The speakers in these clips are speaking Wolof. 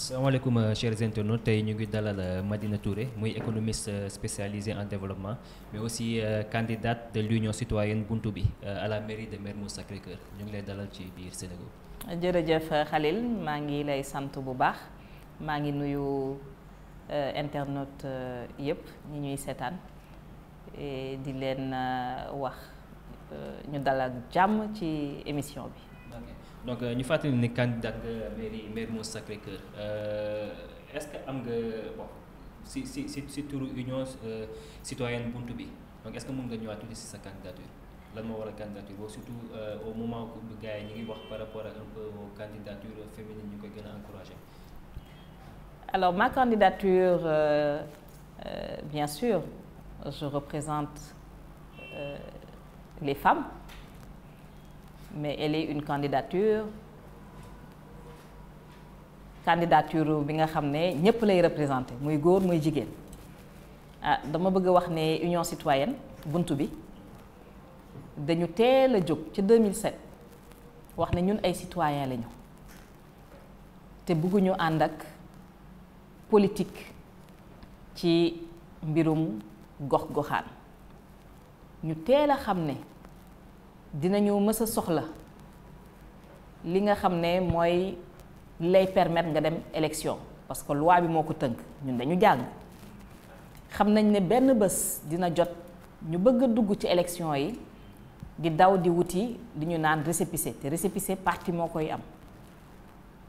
salaamaaleykum euh, chers internautes tey ñu ngi dalal euh, Madina Touré muy économiste euh, spécialisée en développement mais aussi candidate de l'union citoyenne bunt Bi à la mairie de Mermoz Sacré-Cœur ñu ngi lay dalal ci biir Sénégal. jërëjëf xalil maa ngi lay sant bu baax maa ngi nuyu internautes yëpp ñi ñuy seetaan di leen wax ñu dalal jàmm ci émission bi. donc euh, ñu fàttali ni candidat nga mairie mairie Mermoz Sacré-Cœur euh, est-ce que am nga bon si si si si union si euh, citoyenne bunt bi donc est-ce que mën nga ñëwaat tuuti si sa candidature lan moo waral candidature boobu surtout au moment où gars yi ñu ngi wax par rapport ak un peu aux candidatures féminines ñu koy gën a encourager. alors ma candidature bien sûr je représente les femmes. mais elle est une candidature candidature bi nga xam ne ñëpp lay représenté muy góor muy jigéen ah dama bëgg wax ne Union citoyenne bunt bi dañu teel a jóg ci 2007 wax ne ñun ay citoyens lañu te bëgguñu ànd ak politique ci mbirum gox-goxaan ñu teel a xam ne. dina mës a soxla li nga xam ne mooy lay permettre nga dem élection parce que loi bi moo ko tënk ñun dañu jàng xam nañ ne benn bés dina jot ñu bëgg a dugg ci élection yi di daw di wuti li ñu naan récépissé te récépissé parti moo koy am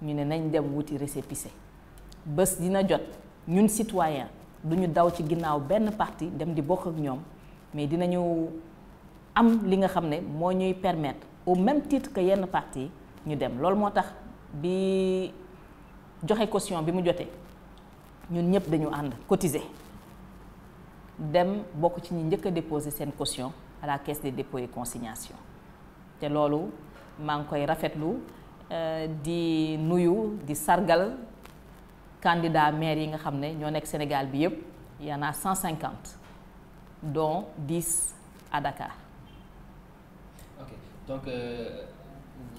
ñu ne nañ dem wuti récépissé bés dina jot ñun citoyen du ñu daw ci ginnaaw benn parti dem di bokk ak ñoom mais dinañu am li nga xam ne moo ñuy permettre au même titre que yenn parti ñu dem loolu moo tax bi joxe caution bi mu jotee ñun ñëpp dañu ànd cotiser dem bokk ci ñu njëkk a déposer seen caution à la caisse des te loolu maa ngi koy rafetlu euh, di nuyu di sargal candidat maire yi nga xam ne ñoo nekk Sénégal bi yëpp y en a 150 dont à Dakar donc euh,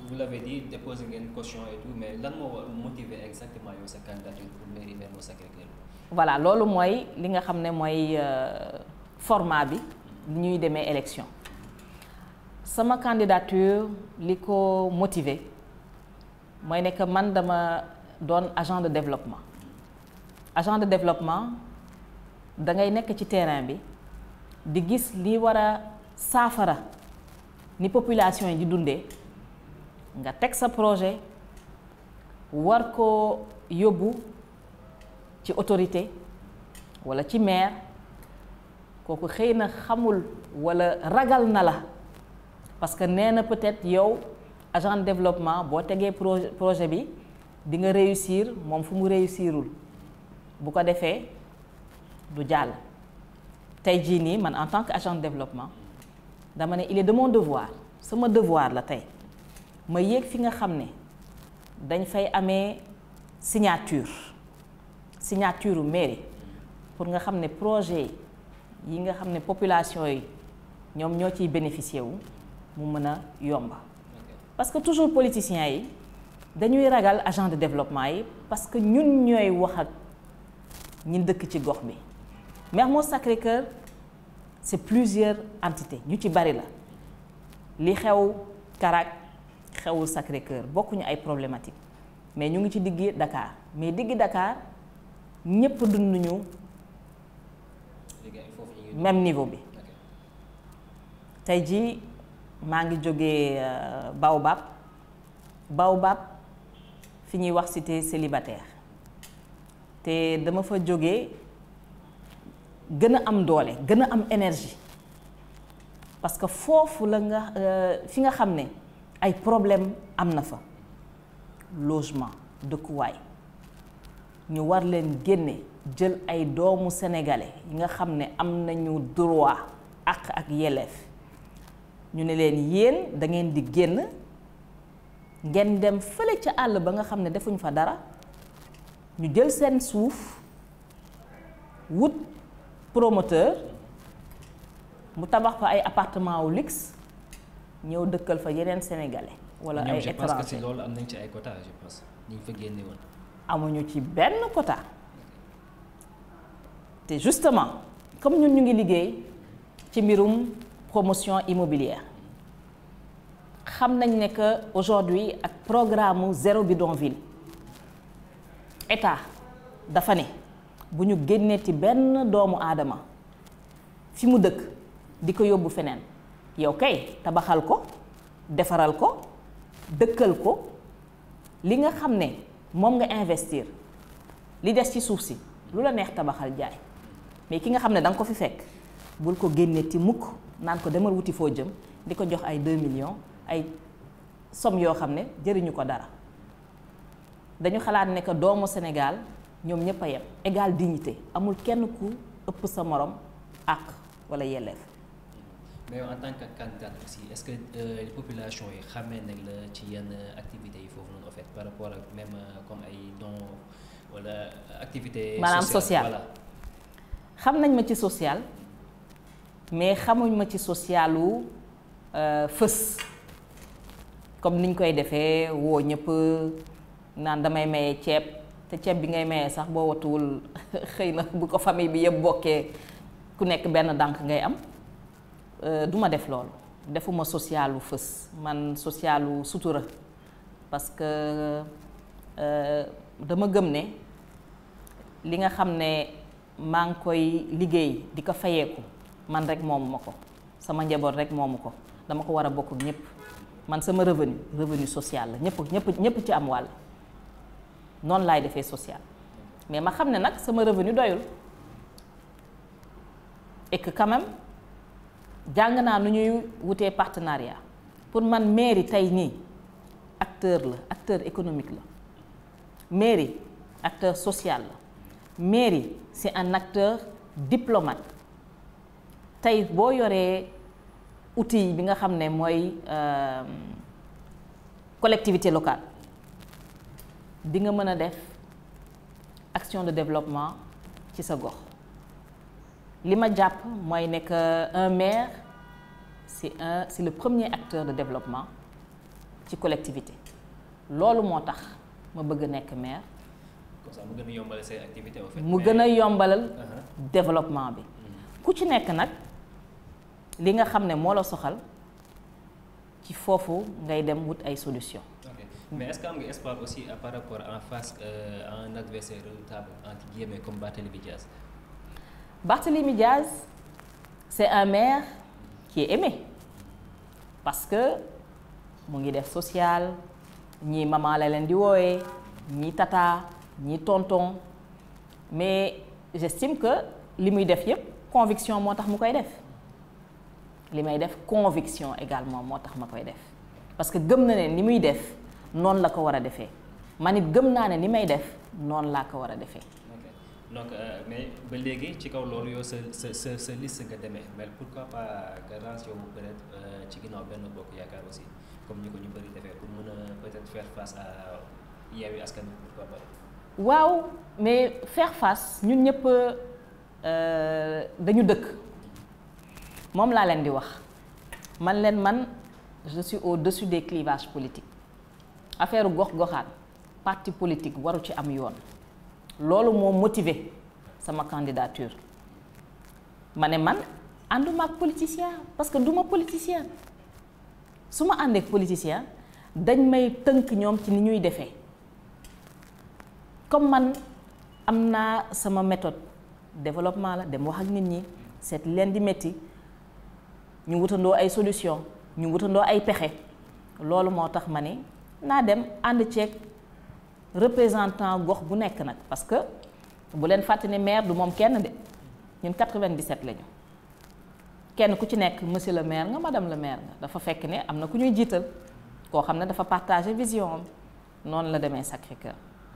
vous l'avez dit déposé ngeen caution et tout yow sa candidature pour mairie Mermoz Sacré-Cœur voilà loolu mooy li nga xam ne mooy euh, format bi ñuy demee élection sama candidature li ko motiver mooy ne man dama doon agent de développement agent de développement da ngay nekk ci terrain bi di gis li war a saafara ni population yi di dundee nga teg sa projet war ko yóbbu ci autorité walla ci maire kooku xëy na xamul walla ragal na la parce que nee na peut-être yow agent de boo tegee projet bi di nga réussir moom fu mu réussirul bu ko defee du jàll tey jii nii man en tant que agent de développement dama ne il est de mon devoir sama devoir la tey ma yéeg fi nga xam ne dañ fay amee signature signature mairie pour nga xam ne projet yi nga xam ne population yi ñoom ñoo ciy bénéficier wu mu mën a yomba parce que toujours politiciens yi dañuy ragal agent de développement yi parce que ñun ñooy wax ak ñi dëkk ci gox bi Mermoz Sacré-Cœur c' est plusieurs entités ñu ci bari la li xew Karak xewul Sacré Cœur bokkuñu ay problématique mais ñu ngi ci diggi Dakar mais diggi Dakar ñëpp dunduñu même niveau bi tey jii maa ngi jógee euh, Baobab Baobab fi ñuy wax cité célibataire te dama fa jóge gën a am doole gën a am énergie parce que foofu la nga euh, fi nga xam ne ay problème am na fa logement dëkkuwaay ñu war leen génne jël ay doomu sénégalais yi nga xam ne am nañu droit ak ak yelleef ñu ne leen yéen da ngeen di génn ngeen dem fële ca àll ba nga xam ne defuñ fa dara ñu jël seen suuf wut promoteur mu tabax fa ay appartement wu luxe ñëw dëkkal fa yeneen sénégalais. wala ay étrangers je si loolu am nañ ci ay quotas je ñu fa génne woon. amuñu ci benn quota te justement comme ñun ñu ngi liggéey ci mbirum promotion immobilière xam nañ ne que aujourd'hui ak programme zéro bidonville état dafa ne. bu ñu génnee ci benn doomu aadama fi mu dëkk di ko yóbbu feneen yow kay tabaxal ko defaral ko dëkkal ko li nga xam ne moom nga investir li des ci suuf si lu la neex tabaxal jaay mais ki nga xam ne danga ko fi fekk bul ko génnee ci mukk naan ko demal wuti foo jëm di ko jox ay 2 million ay som yoo xam ne jëriñu ko dara dañu xalaat ne que doomu senegaal ñoom ñëpp a yem égale dignité amul kenn ku ëpp sa morom àq wala yelleef. mais en tant que ce que euh, populations yi xamee nañ la ci yenn euh, activités yi foofu noonu en fait par euh, comme ay don wala activité. sociale voilà. xam nañ ma ci social mais xamuñ ma ci socialu fës comme niñ koy defee woo ñëpp naan damay maye ceeb. te ceeb bi ngay mayee sax boo watuwul xëy na bu ko famille bi yëpp bokkee ku nekk benn dànk ngay am euh, du ma def loolu defuma socialu fës man socialu sutura parce que euh, dama gëm ne li nga xam ne maa ngi koy liggéey di ko fayeeku man rek moomuma ko sama njaboot rek moomu ko dama ko war a bokk ñëpp man sama revenu revenu social la ñëpp ñëpp ñëpp ci am wàll noonu laay defee social mais ma xam ne nag sama revenu doyul et que quand jàng naa nu ñuy wutee partenariat pour man mairie tey nii acteur la acteur économique la mairie acteur social la mairie c'est un acteur diplomate tey boo yoree outil bi nga xam ne mooy euh, collectivité locale di nga mën a def action de développement ci sa gox li ma jàpp mooy nekk un maire c'est un c'est le premier acteur de développement ci collectivité loolu moo tax ma bëgg nekk maire. a yombalal say activités mu gën a yombalal uh-huh. développement bi. Mm-hmm. ku ci nekk nag li nga xam ne moo la soxal ci foofu ngay dem wut ay solution mais est-ce que am nga espoir aussi euh, par rapport en face euh, à un adversaire redoutable entre guillemets comme Barthélémy Diaz Barthélémy Diaz c'est un maire qui est parce que mu ngi def social ñii maman la leen di wooyee ñii tata ñii tonton mais j'estime que li muy def yépp conviction moo tax mu koy def li may def conviction également moo tax ma koy def parce que gëm na ne li muy def noonu la ko war a defee man it gëm naa ne li may def noonu laa ko war a defee. donc euh, mais ba léegi ci kaw loolu yow sa sa sa sa liste nga demee mais pourquoi pas nga rance yow peut-être euh, ci ginnaaw benn bokk yaakaar aussi comme ñu ko ñu bëri defee pour mën a peut-être faire face à Yewwi Askan waaw mais faire face ñun ñëpp euh, dañu dëkk moom laa leen di wax man leen man je suis au-dessus des clivages politiques. affaire gox-goxaan parti politique waru ci am yoon loolu moo motive sama candidature ma ne man ànduma ak politicien parce que duma politicien su ma àndeek politicien dañ may tënk ñoom ci ni ñuy defee comme man am naa sama métode développement la dem wax ak nit ñi seet leen di métti ñu wutandoo ay solution ñu wutandoo ay pexe loolu moo tax ma ne naa dem ànd ceeg représentant gox bu nekk nag parce que bu leen fàtte ne maire du moom kenn de ñun 97 lañu kenn ku ci nekk monsieur le maire nga madame le maire nga dafa fekk ni am na ku ñuy jiital koo xam ne dafa partagé vision am noonu la demee Sacré-Cœur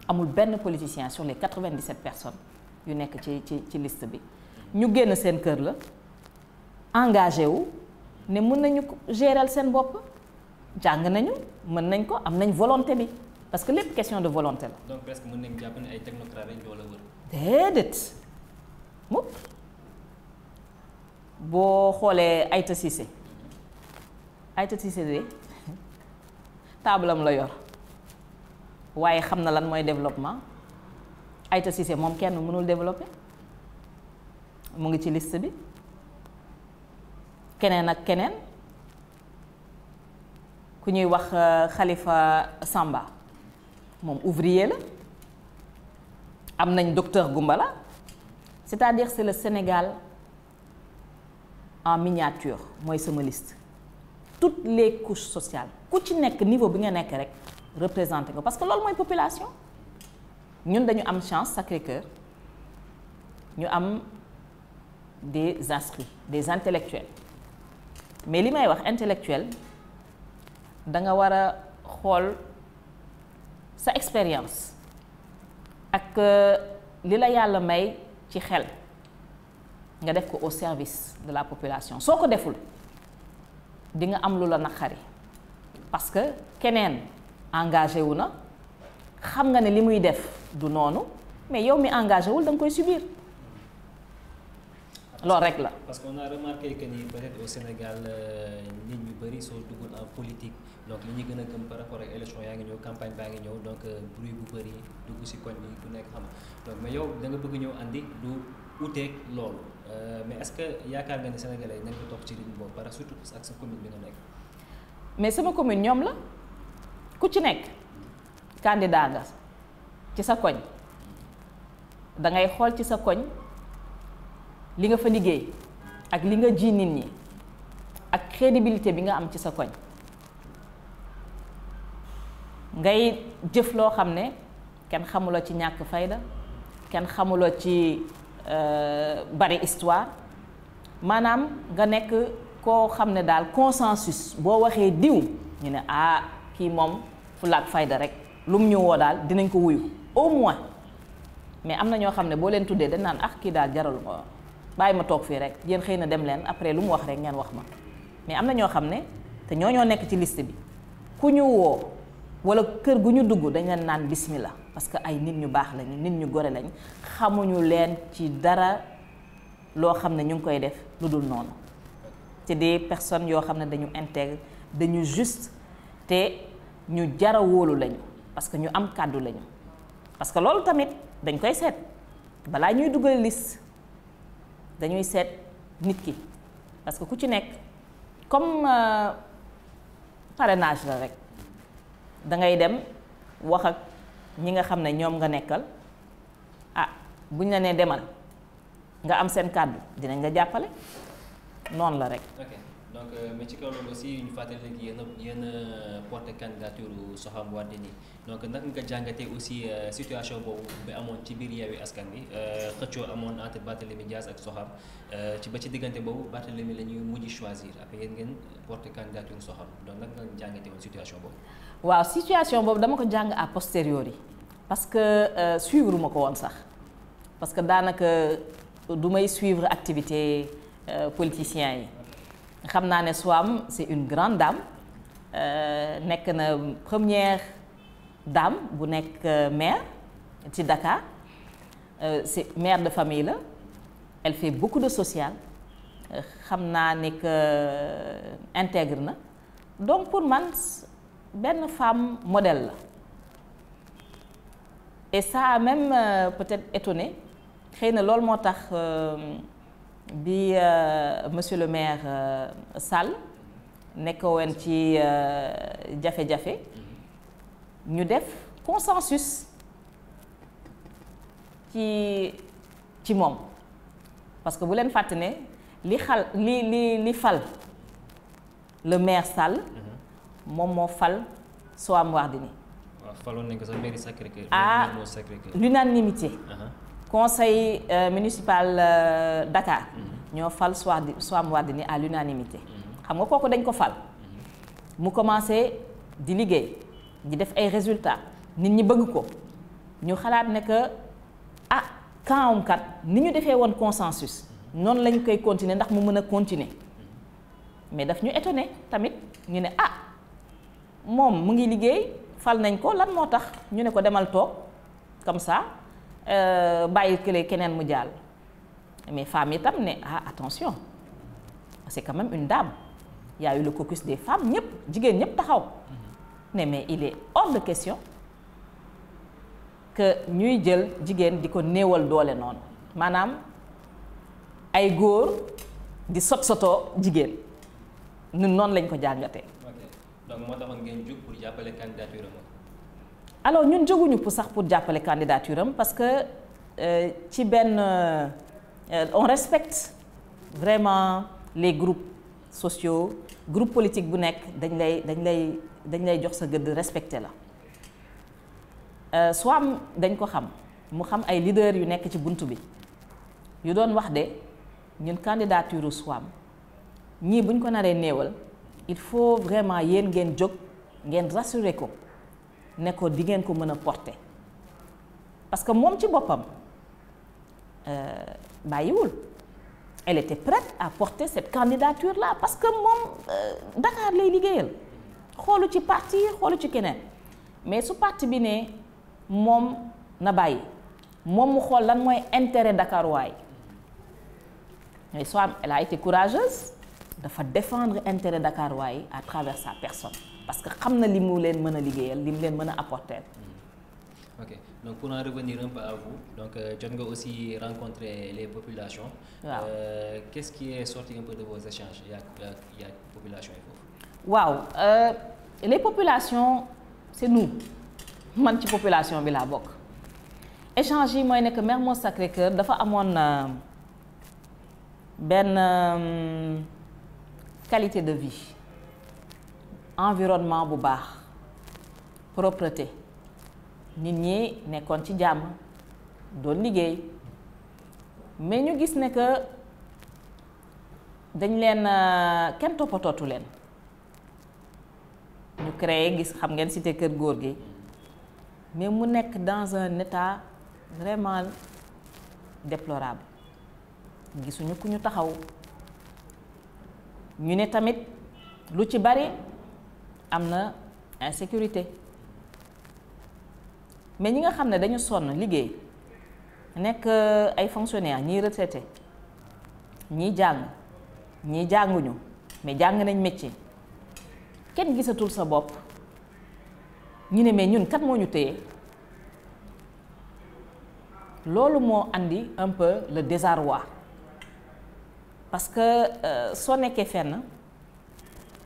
amul benn politicien sur les 97 personnes yu nekk ci ci ci liste bi ñu génn seen kër la engagé wu ne mën nañu géral seen bopp jàng nañu mën nañ ko am nañ volonté bi parce que lépp question de volonté la. donc presque mën nañ ay technocrates lañ wala wër. déedéet boo xoolee Aïta Cissé Aïta Cissé de taabalam la yor waaye xam na lan mooy développement Aïta Cissé moom kenn mënul développer mu ngi ci list bi keneen ak keneen. ku ñuy wax xalifa euh, Samba moom ouvrier la am nañ docteur Goumbala c'est-à-dire c'est le Sénégal en miniature mooy sama liste toutes les couches sociales ku ci nekk niveau bi nga nekk rek représenté nga parce que loolu mooy population ñun dañu am chance Sacré-Cœur ñu am des inscrits des intellectuels mais li may wax intellectuel da nga war a xool sa expérience ak euh, li la yàlla may ci xel nga def ko au service de la population soo ko deful di nga am lu la naqari parce que keneen engagé wu na xam nga ne li muy def du noonu mais yow mi engagé wul da koy subir loolu rek la. parce qu'on a remarqué que ni peut-être au Sénégal euh, nit ñu bëri soo duggoon en politique donc li ñu gën a gëm par rapport ak yaa ngi ñëw campagne baa ngi ñëw donc euh, bruit bëri dugg si koñ bi ku nekk xam donc mais yow da nga bëgg ñëw andi du uteeg loolu euh, mais est-ce que yaakaar nga ni sénégalais nañ ko toog ci ligne boobu parce que surtout nekk. mais sama commune ñoom la ku ci nekk candidat nga ci sa koñ da ngay xool ci sa koñ. li nga fa liggéey ak li nga ji nit ñi ak crédibilité bi nga am ci sa koñ ngay jëf loo xam ne kenn xamuloo ci ñàkk fayda kenn xamuloo ci euh, bari histoire maanaam nga nekk koo xam ne daal consensus boo waxee diw ñu ne ah kii moom fulaak fayda rek lu mu ñu daal dinañ ko wuyu au moins mais am na ñoo xam ne boo leen tuddee dañ naan ah kii daal jaralu ma bàyyi ma toog fii rek yéen xëy na dem leen après lu mu wax rek ngeen wax ma mais am na ñoo xam ne te ñoo ñoo nekk ci liste bi ku ñu woo wala kër gu ñu dugg dañ leen naan bismillah parce que ay nit ñu baax lañu nit ñu gore lañ xamuñu leen ci dara loo xam ne ñu ngi koy def lu dul noonu te des personnes yoo xam ne dañu intègre dañu juste te ñu jara wóolu lañu parce que ñu am kàddu lañu parce que loolu tamit dañ koy seet balaa ñuy dugal liste dañuy seet nit ki parce que ku ci nekk comme euh, parrainage la rek da ngay dem wax ak ñi nga xam ne ñoom nga nekkal ah buñ la nee demal nga am seen kàddu dinañ nga jàppale noonu la rek. donc euh, mais ci kaw loolu aussi ñu fàttali rek yéen a yéen a euh, porté candidature donc naka nga jàngatee aussi euh, situation boobu bi amoon ci biir Yewwi Askan Wi xëccoo amoon entre Barthélémy Dias ak Soham ci ba ci diggante boobu Barthélémy la ñuy mujj choisir après yéen ngeen porte candidature Soham donc naka nga jàngatee woon situation boobu. waaw situation boobu dama ko jàng à posteriori parce que suivre ma ko woon sax parce que daanaka du may suivre activité politiciens yi. xam naa ne Soham c'est une grande dame euh, nekk na première dame bu nekk euh, maire ci Dakar euh, c'est maire de famille la elle fait beaucoup de social xam naa ne que intègre na donc pour man benn femme modèle la et ça a même peut-être étonné xëy na loolu moo tax. bi euh, monsieur le maire euh, Sall nekkoon ci euh, jafe-jafe ñu def consensus ci ci moom parce que bu leen fàtte ne li xal li li li fal le maire Sall moom moo fal Soham Wardini. waaw faloon ah, l'unanimité uh-huh. conseil euh, municipal euh, Dakar ñoo fal soit Soham Wardini à l'unanimité xam nga kooku dañ ko fal mu commencé di liggéey di def ay résultat nit ñi bëgg ko ñu xalaat ne que ah kaawam kat ni ñu defee woon consensus noonu lañ koy continuer ndax mu mën a continuer mais daf ñu étonné tamit ñu ne ah moom mu ngi liggéey fal nañ ko lan moo tax ñu ne ko demal toog comme ça Euh, bàyyi kële keneen mu jàll mais femmes yi tam ne ah attention parce que même une dame y a eu le caucus des ñëpp jigéen ñëpp taxaw ne mais il est hors de question que ñuy jël jigéen di ko néewal doole noonu maanaam ay góor di sot sotoo jigéen ñun noonu lañ ko jàngatee. alors ñun jóguñu pour sax pour jàppale candidature am parce que euh, ci benn euh, on respecte vraiment les groupes sociaux groupe politique bu nekk dañ lay dañ lay dañ lay jox sa gëdd respecté la euh, soo am dañ ko xam mu xam ay leader yu nekk ci bunt bi yu doon wax de ñun candidature Soham ñii buñ ko naree néewal il faut vraiment yéen ngeen jóg ngeen rassurer ko ne ko di ngeen ko mën a porter parce que moom ci boppam euh, bàyyiwul elle était prête à porter cette candidature la parce que moom euh, Dakar lay liggéeyal xoolu ci parti xoolu ci keneen mais su parti bi ne moom na bàyyi moom mu xool lan mooy intéret Dakar waay mais soo am elle a été courageuse dafa défendre intérêt Dakar waay à travers sa personne parce que xam na li mu leen mën a liggéeyal li mu leen mën a apporter. Hmm. ok donc pour en revenir un peu à vous donc euh, jot nga aussi rencontrer les populations. waaw euh, qu'est-ce qui de vos échanges y a y a population yi foofu. waaw euh, les populations c'est nous man ci population bi laa bokk échange yi mooy nekk Mermoz Sacré-Cœur dafa amoon euh, benn qualité de vie. environnement bu baax propreté nit ñi nekkoon ci jàmm doon liggéey mais ñu gis ne que dañ leen euh, kenn toppatootu leen ñu créer gis xam ngeen cité kër góor gi mais mu nekk dans un état vraiment déplorable gisuñu ku ñu taxaw ñu ne tamit lu ci bari am na insécurité mais ñi nga xam ne dañu sonn liggéey nekk euh, ay fonctionnaires ñii retraité ñii jàng ñii jànguñu mais jàng nañ métier kenn gisatul sa bopp ñu ne mais ñun kat moo ñu tëye loolu moo indi un peu le désarroi parce que euh, soo nekkee fenn.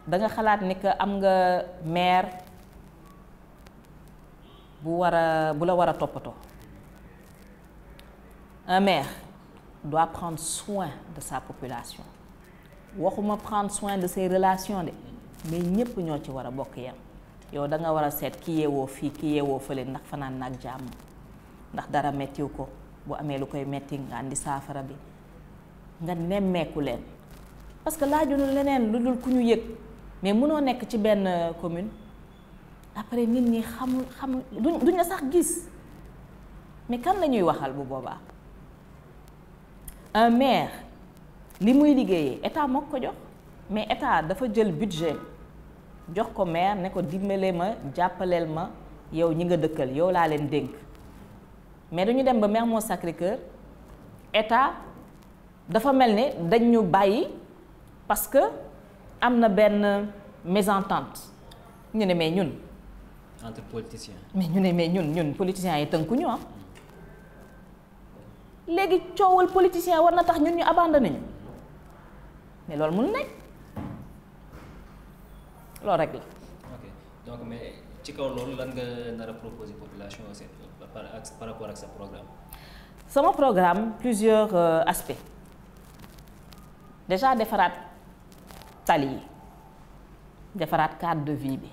da nga xalaat ni que am nga maire bu war bu la war a toppatoo un maire doit prendre soin de sa population waxuma prendre soin de ses relation de mais ñépp ñoo ci war a bokk yam yow da nga war a seet ki yeewoo fii ki yeewoo fële ndax fanaan nag jàmm ndax dara mettiw ko bu amee lu koy metti nga andi saafara bi nga nemmeeku leen parce que laajuñu leneen lu dul ku ñu yëg mais munoo nekk ci benn euh, commune après nit ñi xamul xamul duñ duñ sax gis mais kan la ñuy waxal bu boobaa un maire li muy liggéeyee état moo ko jox mais état dafa jël budget jox ko maire ne ko dimbale ma jàppaleel ma yow ñi nga dëkkal yow laa leen dénk mais dañu dem ba moo Sacré-Cœur état dafa mel ne dañ ñu bàyyi parce que am na benn mésentente ñu ne mais ñun. entre politiciens. mais ñu ne mais ñun ñun politiciens yi tënkuñu ah. léegi coowal politiciens war na tax ñun ñu abandonné ñu mais loolu mun nekk loolu rek la. mais ci kaw loolu lan nga nar a proposer population par rapport ak sa programme. sama programme plusieurs euh, aspects déjà defaraat. tali yi defaraat cadre de vie bi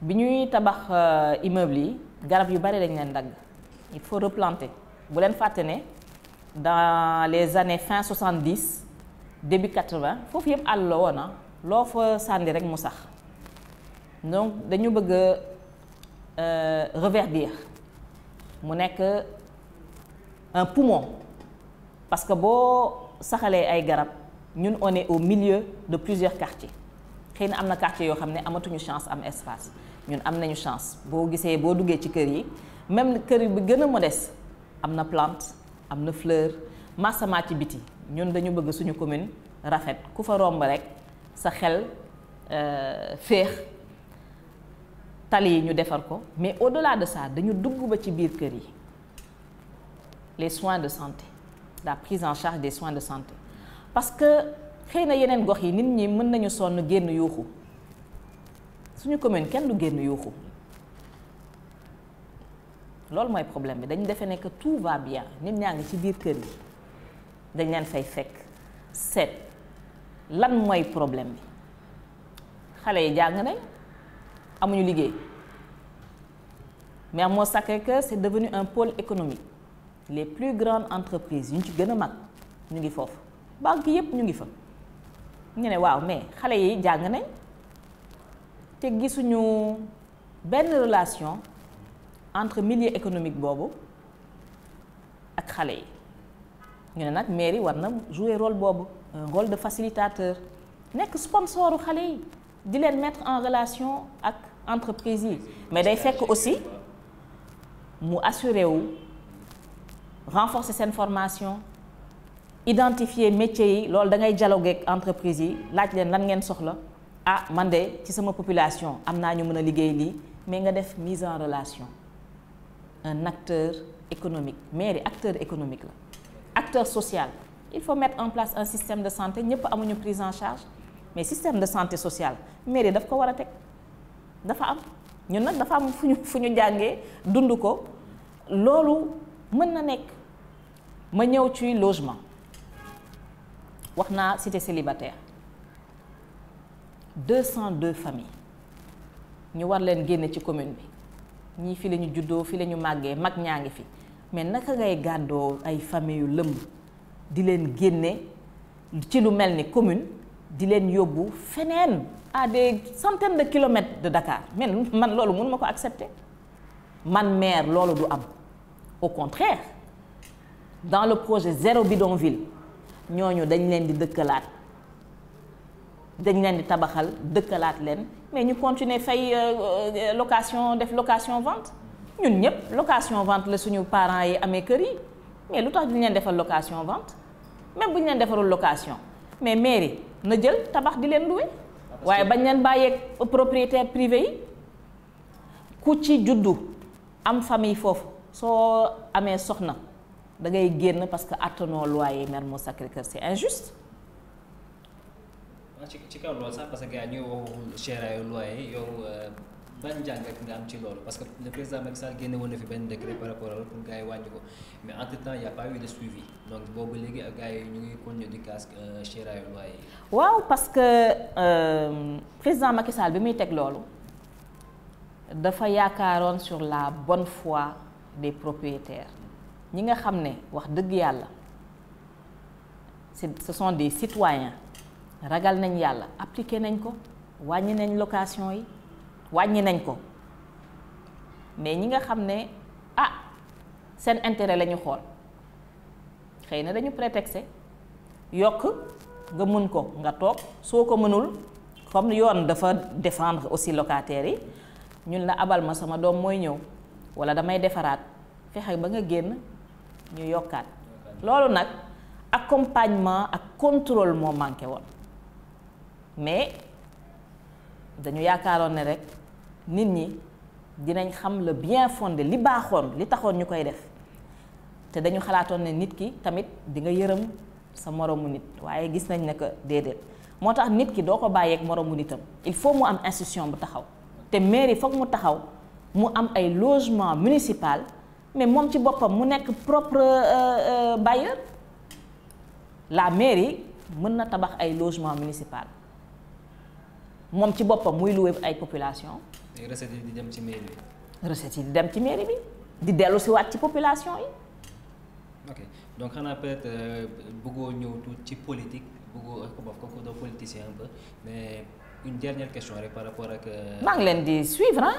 bi ñuy tabax euh, immeuble yi garab yu bari dañ leen dagg il faut replanter bu leen fàtte ne dans les années fin 70 début 80 foofu yëpp àll la woon ah. loo fa sànni rek mu sax donc dañu bëgg a euh, reverdir mu nekk un poumon parce que boo saxalee ay garab. ñun on est au milieu de plusieurs quartiers xëy na am na quartier yoo xam ne amatuñu chance am espace ñun am nañu chance boo gisee boo duggee ci kër yi même kër yi bi gën a modeste am na plante am na fleur massama ci biti ñun dañu bëgg suñu commune rafet ku fa romb rek sa xel euh, féex tali yi ñu defar ko mais au-delà de ça dañu dugg ba ci biir kër yi les soins de santé la prise en charge des soins de santé parce que xëy na yeneen gox yi nit ñi mën nañu sonn génn yuuxu suñu commune kenn du génn yuuxu loolu mooy problème bi dañu defee ne que tout va bien nit ñaa ngi ci biir kër gi dañ leen fay fekk seet lan mooy problème bi xale yi jàng nañ amuñu liggéey mais moo sacré que c'est devenu un pole économique les plus grandes entreprises yu ñu ci gën a mag ñu ngi foofu banque yëpp ñu ngi fa ñu ne waaw mais xale yi jàng nañ te gisuñu benn relation entre milieu économique boobu ak xale yi ñu ne nag mairie war na joue rôle boobu rôle de facilitateur nekk sponsoru xale yi di leen mettre en relation ak entreprise yi mais day fekk aussi mu assuré wu renforcer seen formation identifier métiers yi loolu da ngay dialoguer ak entreprise yi laaj leen lan ngeen soxla ah man de ci sama population am naa ñu mën a liggéey lii mais nga def mise en relation un acteur économique mairie acteur économique la acteur social il faut mettre en place un système de santé ñëpp amuñu prise en charge mais système de santé sociale mairie dafa ko war a teg dafa am ñun nag dafa am fu ñu fu ñu jàngee dund ko loolu mën na nekk ma ñëw ci logement wax naa cité célibataire 202 famille ñu war leen génne ci commune bi ñii fi la ñu juddoo fi lañu màggee mag ñaa ngi fi mais naka ngay gàddoo ay famille yu lëm di leen génne ci lu mel ni commune di leen yóbbu feneen à des centaines de kilomètres de Dakar mais man loolu mun ma ko accepter man maire loolu du am au contraire dans le projet zéro bidonville ñooñu dañ leen di dëkkalaat dañ leen di tabaxal dëkkalaat leen mais ñu continuer fay euh, euh, location def location vente ñun ñëpp location vente la suñu parent yi amee kër yi mais lu tax duñ leen defar location vente même bu ñu leen defarul location mais mairie na jël tabax di leen loué waaye bañ leen bàyyeeg propriétaire privé yi ku ci juddu am famille foofu soo amee soxna da ngay génn parce que attanoo loyer Mermoz Sacré-Cœur c'est injuste. waaw ah, ci ci kaw lool sax parce que gars ñuy waxu cheraayu loyer yow euh, ban jàngat nga am ci loolu parce que le président Macky Sall génne benn décret par rapport ak pour gars yi wàññi ko mais entre temps y a boobu léegi ak gars ñu di casque cheraayu euh, loyer yi. parce que euh, président Macky Sall bi muy teg loolu dafa yaakaaroon sur la bonne foi des propriétaires. ñi nga xam ne wax dëgg yàlla ce sont des citoyens ragal nañ yàlla appliqué nañ ko wàññi nañ location yi wàññi nañ ko mais ñi nga xam ne ah seen intérêt la ñu xool xëy na dañu prétexté yokk nga mën ko nga toog soo ko mënul comme yoon dafa défendre aussi locataires yi ñun la abal ma sama doom mooy ñëw walla damay defaraat fexe ba nga génn ñu yokkaat loolu nag accompagnement ak contrôle moo manqué woon mais dañu yaakaaroon ne rek nit ñi dinañ xam le bien fondé li baaxoon li taxoon ñu koy def te dañu xalaatoon ne nit ki tamit di nga yërëm sa moroomu nit waaye gis nañ ne que déedéet moo tax nit ki doo ko bàyyeek moroomu nitam il faut mu am institution bu taxaw te mairie foog mu taxaw mu am ay logement municipal mais moom ci boppam mu nekk propre euh, euh, bailleur la mairie mën na tabax ay logement municipal moom ci boppam muy loué ay population recettes yi di dem ci mairie bi recettes di dem ci mairie bi di dellu si waat ci population yi ok donc xanaa peut-être euh, ñëw tuuti ci politique bëggoo ko bof kooku doo politicien un peu mais une dernière question rek rapport ak maa leen di suivre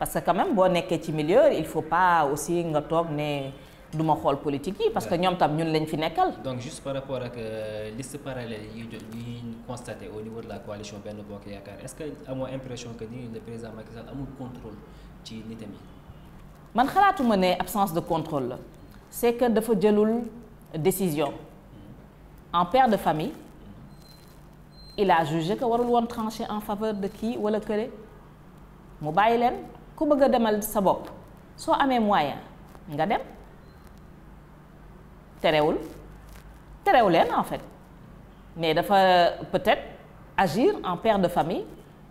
parce que quand boo nekkee ci milieu il faut pas aussi nga toog ne du ma xool politique yi parce que ñoom tam ñun lañ fi nekkal. donc juste par rapport ak euh, liste parallèle yi ñu au niveau la coalition benn bokk yaakaar que amoo impression que ni le président Macky Sall amul contrôle ci nitam yi. man xalaatuma ne absence de contrôle la c'est que dafa jëlul décision mm-hmm. en père de famille il a jugé que warul woon trancher en faveur de kii wala kële mu bàyyi leen. ku bëgg a demal sa bopp soo amee moyen nga dem terewul terew en fait mais dafa peut-être agir en père de famille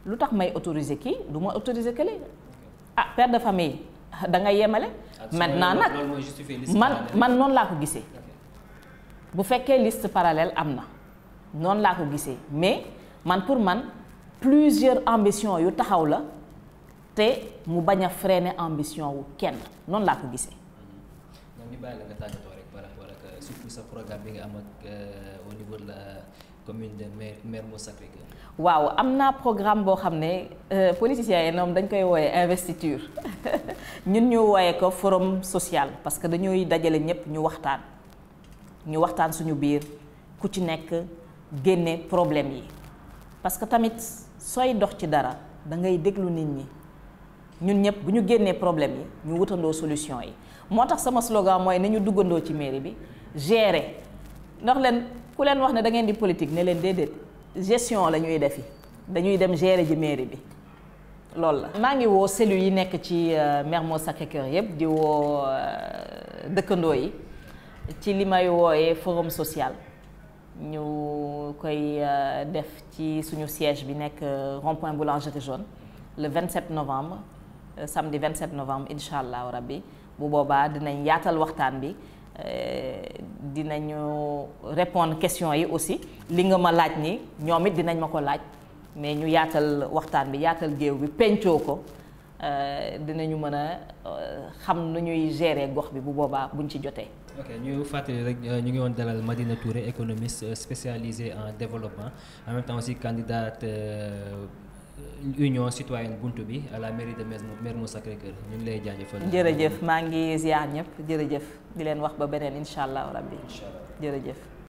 lu tax may autoriser kii du ma autoriser kële ah père de famille da nga yemale ah, maintenant nag man man noonu laa ko gisee bu fekkee liste parallèle am na noonu laa ko gisee mais man pour man plusieurs ambitions yu taxaw la te mu bañ a freiner ambition wu kenn noonu laa ko gisee. ñoom ñu euh, sa programme bi nga am ak euh, au niveau commune de Mermoz sacré waaw am naa programme boo xam ne euh, politiciens yi ñoom dañ koy wooyee investiture ñun ñu wooyee ko forum social parce que dañuy dajale ñëpp ñu waxtaan ñu waxtaan suñu biir ku ci nekk génne problème yi parce que tamit sooy dox ci dara da ngay déglu nit ñi. ñun ñëpp bu ñu génnee problème yi ñu wutandoo solution yi moo tax sama slogan mooy nañu duggandoo ci mairie bi gérer ndax leen ku leen wax ne da ngeen di politique ne leen déedéet gestion la def defi dañuy dem gérer ji maire bi loolu la. maa ngi woo cellules yi nekk ci euh, Mermoz Sacré-Cœur yëpp di woo euh, dëkkandoo yi ci li may wooyee forum social ñu koy euh, def ci suñu siège bi nekk rond-point boulangerie jaune le vingt 27 novembre. Euh, samedi 27 novembre incha allahu rabbi bu boobaa dinañ yaatal waxtaan bi euh, dinañu répondre question yi aussi li nga ma laaj ni ñoom it dinañ ma ko laaj mais ñu yaatal waxtaan bi yaatal géew bi pencoo ko euh, dinañu mën a xam nu ñuy gérer gox bi bu boobaa buñ ci jotee. ñu fàttali rek ñu ngi woon dalal Madina Touré économiste spécialisée en développement en même aussi candidate. Euh, union citoyenne buntu bi à la mairie de mu Sacré-Cœur ñu ngi lay jaajëfal. jërëjëf maa ngi ziar ñëpp jërëjëf di leen wax ba beneen incha allah rabbi. jërëjëf.